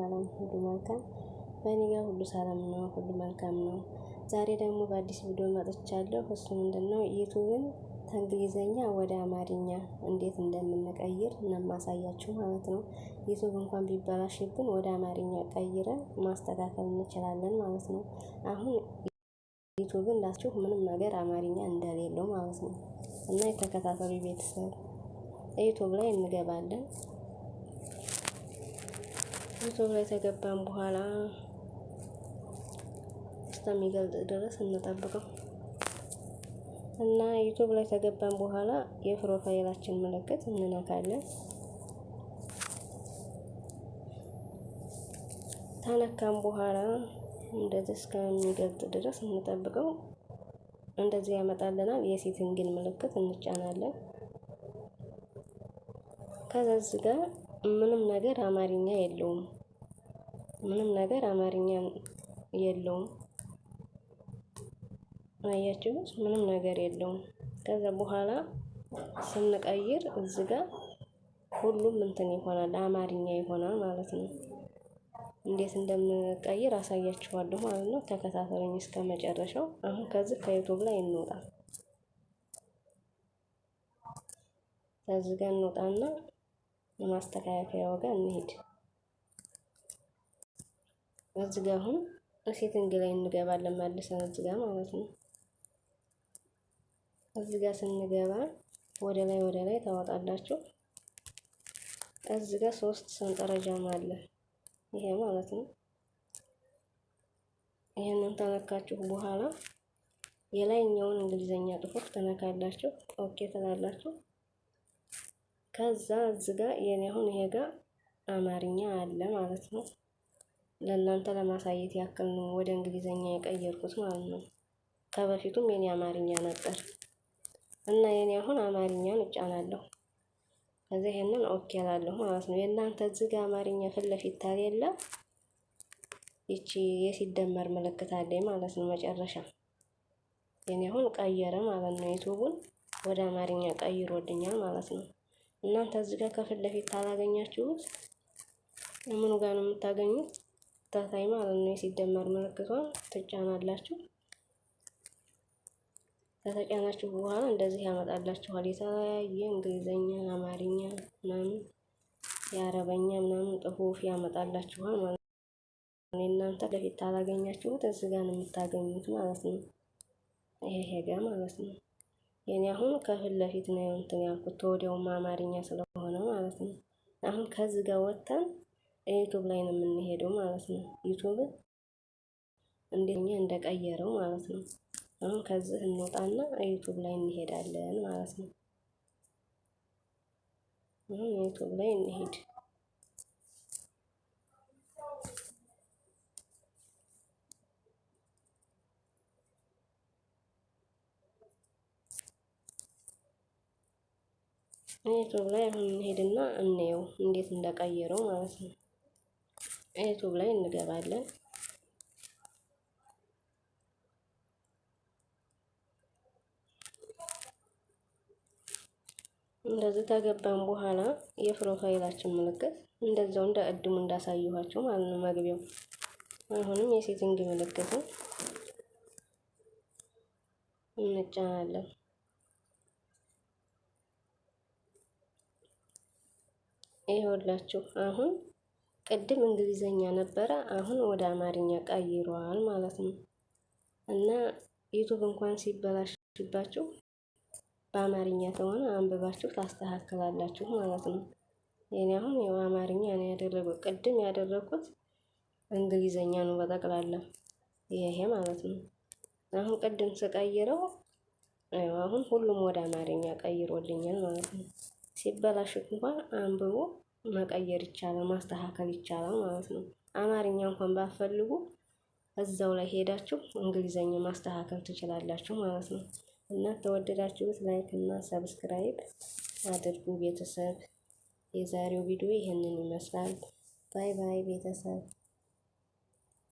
ዓለም ሁሉ መልካም በእኔ ጋር ሁሉ ሰላም ነው፣ ሁሉ መልካም ነው። ዛሬ ደግሞ በአዲስ ቪዲዮ መጥቻለሁ። እሱ ምንድን ነው ዩቱብን ከእንግሊዘኛ ወደ አማርኛ እንዴት እንደምንቀይር እናማሳያችሁ ማለት ነው። ዩቱብ እንኳን ቢበላሽብን ወደ አማርኛ ቀይረን ማስተካከል እንችላለን ማለት ነው። አሁን ዩቱብን ላችሁ ምንም ነገር አማርኛ እንደሌለው ማለት ነው እና የተከታተሉ ቤተሰብ ዩቱብ ላይ እንገባለን ዩቱብ ላይ ተገባን በኋላ እስከሚገልጽ ድረስ እንጠብቀው እና ዩቱብ ላይ ተገባም በኋላ የፕሮፋይላችን ምልክት እንነካለን። ተነካም በኋላ እንደዚህ እስከሚገልጽ ድረስ እንጠብቀው። እንደዚህ ያመጣልናል። የሴቲንግን ምልክት እንጫናለን። ከዛ እዚህ ጋር ምንም ነገር አማርኛ የለውም። ምንም ነገር አማርኛ የለውም። አያችሁት? ምንም ነገር የለውም። ከዛ በኋላ ስንቀይር እዚህ ጋር ሁሉም እንትን ይሆናል፣ አማርኛ ይሆናል ማለት ነው። እንዴት እንደምቀይር አሳያችኋለሁ ማለት ነው። ተከታተሉኝ እስከ መጨረሻው። አሁን ከዚህ ከዩቱብ ላይ እንውጣ። ከዚህ ጋር እንውጣና ለማስተካከያው ጋር እንሄድ። እዚህ ጋር አሁን ሴቲንግ ላይ እንገባለን መልሰን እዚህ ማለት ነው። እዚህ ስንገባ ወደ ላይ ወደ ላይ ታወጣላችሁ። እዚህ ጋር ሶስት ሰንጠረጃም አለ ይሄ ማለት ነው። ይሄንን ተነካችሁ በኋላ የላይኛውን እንግሊዘኛ ጽሑፍ ተነካላችሁ፣ ኦኬ ትላላችሁ። ከዛ እዚህ የኔ አሁን ይሄ ጋር አማርኛ አለ ማለት ነው። ለእናንተ ለማሳየት ያክል ነው ወደ እንግሊዘኛ የቀየርኩት ማለት ነው። ከበፊቱም የኔ አማርኛ ነበር እና የኔ አሁን አማርኛን እጫናለሁ። ከዚ ይህንን ኦኬ እላለሁ ማለት ነው። የእናንተ እዚህ ጋ አማርኛ ፊት ለፊት ታሌለ ይቺ የሲደመር ምልክት አለ ማለት ነው መጨረሻ የኔ አሁን ቀየረ ማለት ነው። ዩቱቡን ወደ አማርኛ ቀይሮልኛል ማለት ነው። እናንተ እዚህ ጋር ከፊት ለፊት ታላገኛችሁት ምኑ ጋር ነው የምታገኙት? ተከታታይ ማለት ነው። ሲደመር ምልክቷን ትጫናላችሁ። ከተጫናችሁ በኋላ እንደዚህ ያመጣላችኋል። የተለያየ እንግሊዘኛ፣ አማርኛ ምናምን የአረበኛ ምናምን ጽሁፍ ያመጣላችኋል ማለት ነው። እናንተ ለፊት ታላገኛችሁት እዚህ ጋር ነው የምታገኙት ማለት ነው። ይሄ ሄጋ ማለት ነው። የኔ አሁን ከፊት ለፊት ነው እንትን ያልኩት ተወዲያውም አማርኛ ስለሆነ ማለት ነው። አሁን ከዚህ ጋር ወጥተን ዩቱብ ላይ ነው የምንሄደው ማለት ነው። ዩቱብ እንደኛ እንደቀየረው ማለት ነው። አሁን ከዚህ እንወጣና ዩቱብ ላይ እንሄዳለን ማለት ነው። አሁን ዩቱብ ላይ እንሄድ። ዩቱብ ላይ አሁን እንሄድና እንየው እንዴት እንደቀየረው ማለት ነው። ዩቱብ ላይ እንገባለን። እንደዚህ ከገባን በኋላ የፕሮፋይላችን ምልክት እንደዛው እንደ ቅድሙ እንዳሳየኋችሁ ማለት ነው። መግቢያው አሁንም የሴቲንግ ምልክትን እንጫናለን። ይኸውላችሁ አሁን ቅድም እንግሊዘኛ ነበረ፣ አሁን ወደ አማርኛ ቀይሯል ማለት ነው። እና ዩቱብ እንኳን ሲበላሽባችሁ በአማርኛ ተሆነ አንብባችሁ ታስተካክላላችሁ ማለት ነው። የኔ አሁን ያው አማርኛ ነው ያደረገው። ቅድም ያደረኩት እንግሊዘኛ ነው በጠቅላላ ይሄ ማለት ነው። አሁን ቅድም ስቀይረው አሁን ሁሉም ወደ አማርኛ ቀይሮልኛል ማለት ነው። ሲበላሽ እንኳን አንብቦ መቀየር ይቻላል፣ ማስተካከል ይቻላል ማለት ነው። አማርኛ እንኳን ባትፈልጉ እዛው ላይ ሄዳችሁ እንግሊዘኛ ማስተካከል ትችላላችሁ ማለት ነው። እና ተወደዳችሁት ላይክ እና ሰብስክራይብ አድርጉ ቤተሰብ። የዛሬው ቪዲዮ ይህንን ይመስላል። ባይ ባይ ቤተሰብ።